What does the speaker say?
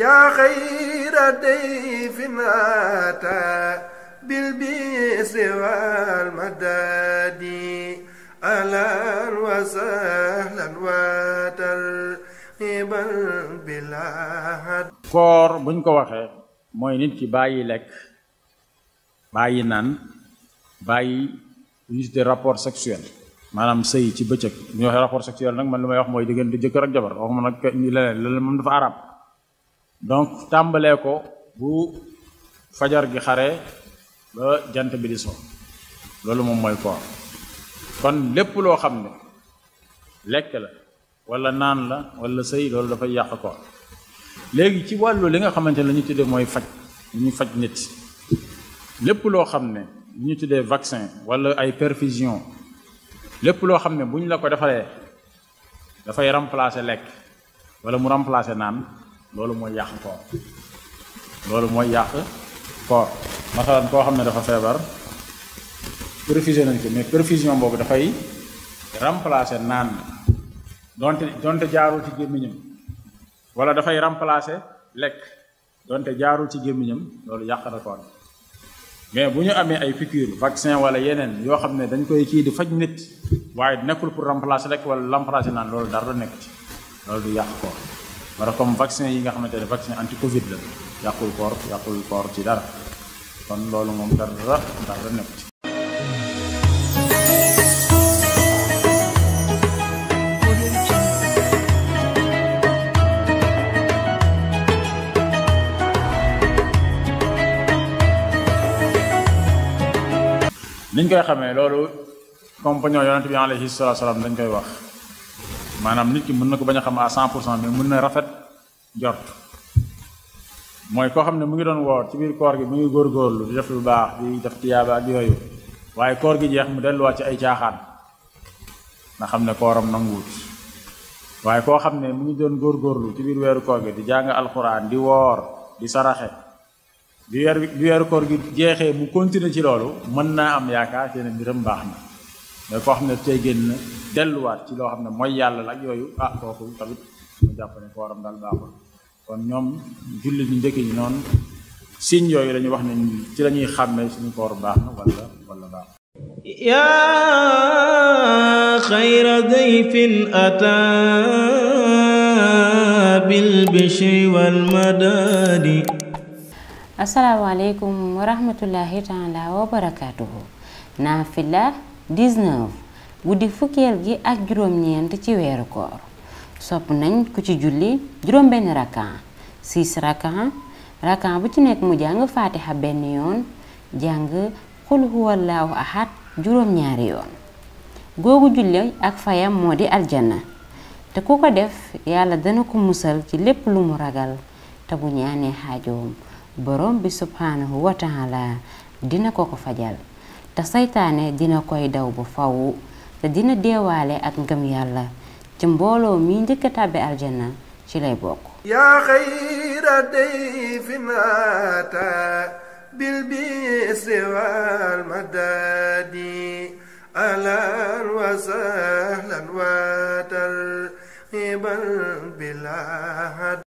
yaa xayra dayfin bil bisri wal madadi ahlan wa sahlan wa tarhiban bilaa koor buñ ko waxee mooy nit ki bàyyi lekk bàyyi naan bàyyi lu ñu tuddee rapport sexuel maanaam sëy ci bëccëg bu ñu waxee rapport sexuel nag man lu may wax mooy diggante jëkkër ak jabar waxuma nag leneen arab donc tàmbalee ko bu fajar gi xare ba jant bi di so loolu moom mooy koor kon lépp loo xam ne lekk la wala naan la wala sëy loolu dafay yàq koor léegi ci wàllu li nga xamante ne la ñu tuddee mooy faj li ñu faj nit lépp loo xam ne li ñu tuddee vaccin wala ay perfusion lépp loo xam ne bu ñu la ko defalee dafay remplacer lekk wala mu remplacer naan loolu mooy yàq koor loolu mooy yàq koor masalan koo xam ne dafa feebar perfusé nañ ko mais perfusion boobu dafay remplacer naan donte donte jaarul ci gémmiñam wala dafay remplacer lekk donte jaarul ci gémmiñam loolu yàq na koor mais bu ñu amee ay piqûre vaccin wala yeneen yoo xam ne dañ koy kii di faj nit waaye nekkul pour remplacer rek wala remplacer naan loolu dara du nekk ci loolu du yàq koor wala comme vaccin yi nga xamante ne vaccin anti covid la yàqul koor yàqul koor ci dara kon loolu moom dara dara nekk ci koy xamee loolu compagnon yonent bi alayhi salaatu salaam lañ koy wax maanaam nit ki mën na ko bañ a xam a cent pour cent mais mën na rafet jot mooy koo xam ne mu ngi doon woor ci biir koor gi mu ngi góorgóorlu di def lu baax di def tiyaaba ak yooyu waaye koor gi jeex mu delluwaat ci ay caaxaan na xam ne kooram nanguwut waaye koo xam ne mu ngi doon góorlu ci biir weeru koor gi di jàng alxuraan di woor di saraxe bi weer bi weeru koor gi jeexee mu continuer ci loolu mën naa am yaakaar te ne mbiram baax na mais koo xam ne tey génn delluwaat ci loo xam ne mooy yàlla la ak yooyu ah kooku tamit mu jàpp ne kooram kon ñoom jullit ñu njëkk ñi noonu signe yooyu lañuy ñu wax ne ci la ñuy xàmmee suñu koor baax na wala wala baax yaa xayra dayfin ataa bil bishri wal madadi asalaamaaleykum wa rahmatullahi taala wa barakaatuhu naafila 19 guddi fukkeel gi ak juróom-ñeent ci weeru koor sopp nañ ku ci julli juróom-benn rakkaan 6 rakkaan rakkaan bu ci nekk mu jàng faatixa benn yoon jàng xul huwallaahu ahad juróom-ñaari yoon googu julli ak fayam moo di aljanna te ku ko def yàlla dana ko musal ci lépp lu mu ragal te bu ñaanee xaajoom borom bi subhaanahu wa taala dina ko ko fajal te saytaane dina koy daw bu faw te dina deewaale ak ngëm yàlla ci mbooloo mi njëkk tàbbi aljana ci lay bokk yaa xayra day finaata bil bisri wal madadi alan wa sahlan wa tarhiban bila